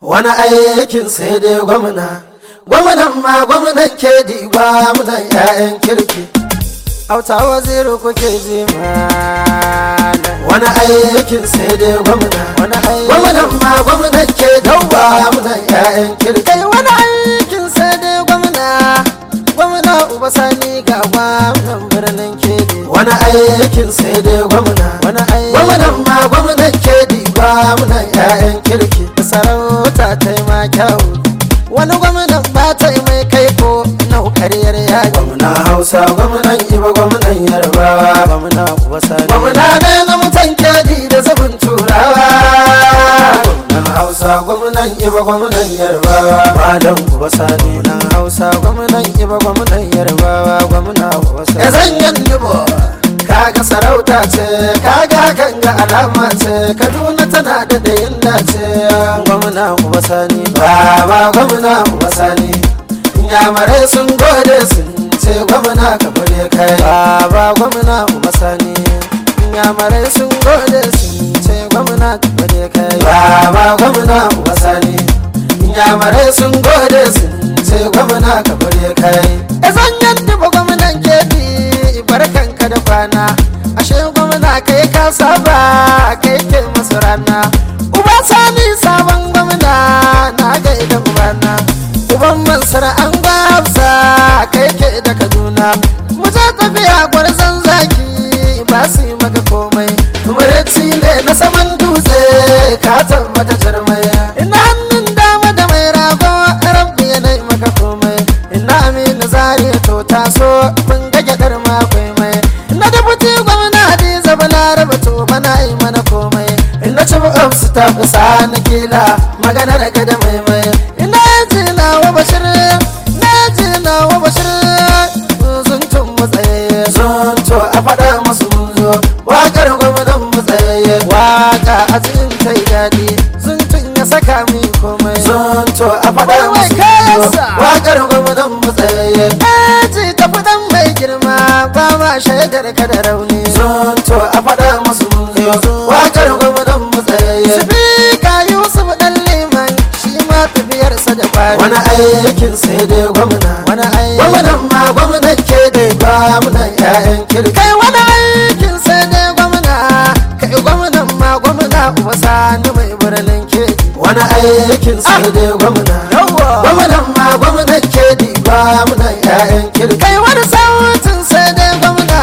wani aikin sai dai gwamna gwamnan ma gwamnan ke diba munan 'ya'yan kirki auta waziri kuke ji wani aikin sai dai gwamna gwamnan ma gwamnan ke dauba munan 'ya'yan kirki wani aikin sai dai gwamna gwamna uba sani ga gwamnan birnin kedi wani aikin sai dai gwamna kyau wani gwamnan ba ta mai kai ko nau kariyar yayi gwamna hausa gwamnan iba gwamnan yarbawa gwamna kuwa sani Gwamnan ne na mutan kyaji da zubin turawa gwamnan hausa gwamnan iba gwamnan yarbawa malam kuwa sani gwamnan hausa gwamnan iba gwamnan yarbawa gwamna kuwa sani ya zanyan yibo kaga sarauta ce kaga kan ga alama ce kaduna tana da dayin dace Gwamnan kuwa sani baba gwamna masani yamarai sun gode sun ce gwamna ka bude kai baba gwamna masani yamarai sun gode sun ce gwamna ka bude kai baba gwamna masani yamarai sun gode sun ce gwamna ka bude kai e zan yadda ba gwamnan kebi barkanka da kwana ashe gwamna kai ka saba kai ke masu rana da an hafsa kai ke da kaduna mu za tafiya gwarzon zaki ba su yi maka komai kuma ne na saman wa bashir zancen matsaye zanto a faɗa masu zo wakar gwamnan matsaye waka a cikin ta daɗi zancen ya saka min komai zanto a faɗa masu zo wakar gwamnan matsaye aji ta faɗan mai girma ba ma shaidar da rauni zanto a faɗa masu zo wani aikin sai dai gwamna wani aikin gwamnan ma gwamna ke dai gwamnan ƴaƴan kirki kai wani aikin sai dai gwamna kai gwamna ma gwamna uba sani mai birnin ke wani aikin sai dai gwamna gwamnan ma gwamna ke dai gwamnan ƴaƴan kirki kai wani sautin sai dai gwamna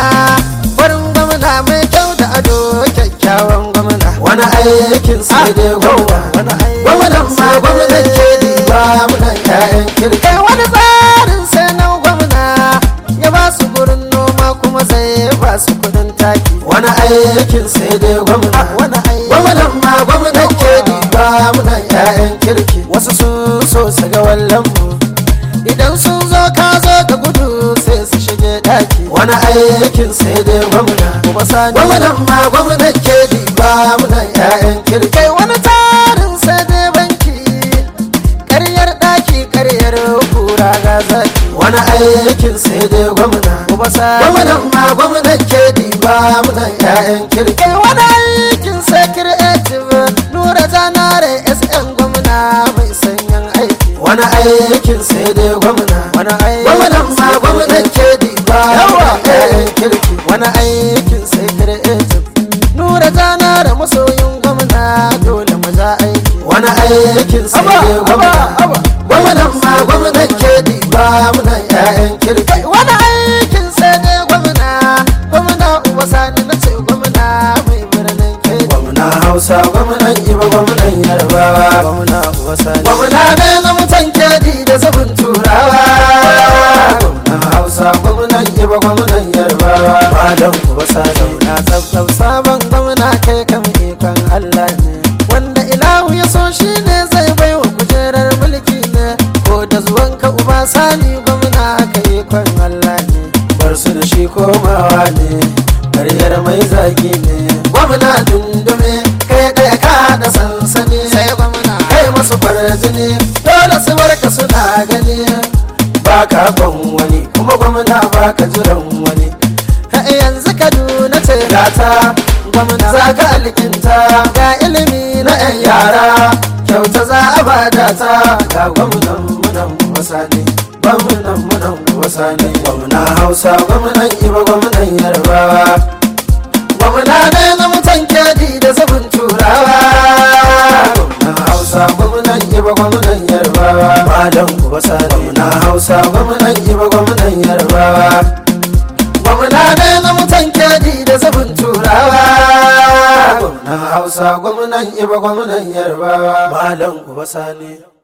farin gwamna mai kyau da ado kyakkyawan gwamna wani aikin sai dai gwamna gwamnan ma gwamna ke Shirkai wani tsarin sai na gwamna ya ba su gurin noma kuma sai ya ba su kudin taki. Wani aikin sai dai gwamna. Gwamnan ma gwamnan ke diba muna 'ya'yan kirki. Wasu sun so su ga wallan mu. Idan sun zo ka zo ka gudu sai su shige daki. Wani aikin sai dai gwamna. Gwamnan ma gwamnan ke diba muna 'ya'yan kirki. munan ƴaƴan kirki wani aikin sai nura zanare sn gwamna mai sanyan aiki wani aikin sai dai gwamna wani gwamnan ma gwamnan ke di ba yawa ƴaƴan kirki wani aikin sai nura zanare masoyin gwamna dole maza aiki wani aikin sai dai gwamna gwamnan ma gwamnan ke di ba munan ƴaƴan kirki wani gwamna dundume kai ɗaya ka da sansani sai gwamna kai masu farjini dole su barka suna gani ba ka ban wani kuma gwamna ba ka jiran wani yanzu kaduna ce gata gwamna za ka alkinta ga ilimi na 'yan yara kyauta za a ba data, ga gwamnan munan wasani gwamnan munan wasani Gwamna hausa gwamnan iba gwamnan yarbawa gwamna ne san kyaji da zubin turawa hausa gwamnan yi ba gwamnan yarbawa malam kuma sani na hausa gwamnan yi ba gwamnan yarbawa gwamna ne na mutan kyaji da zubin turawa gwamnan hausa gwamnan yi gwamnan yarbawa malam kuma sani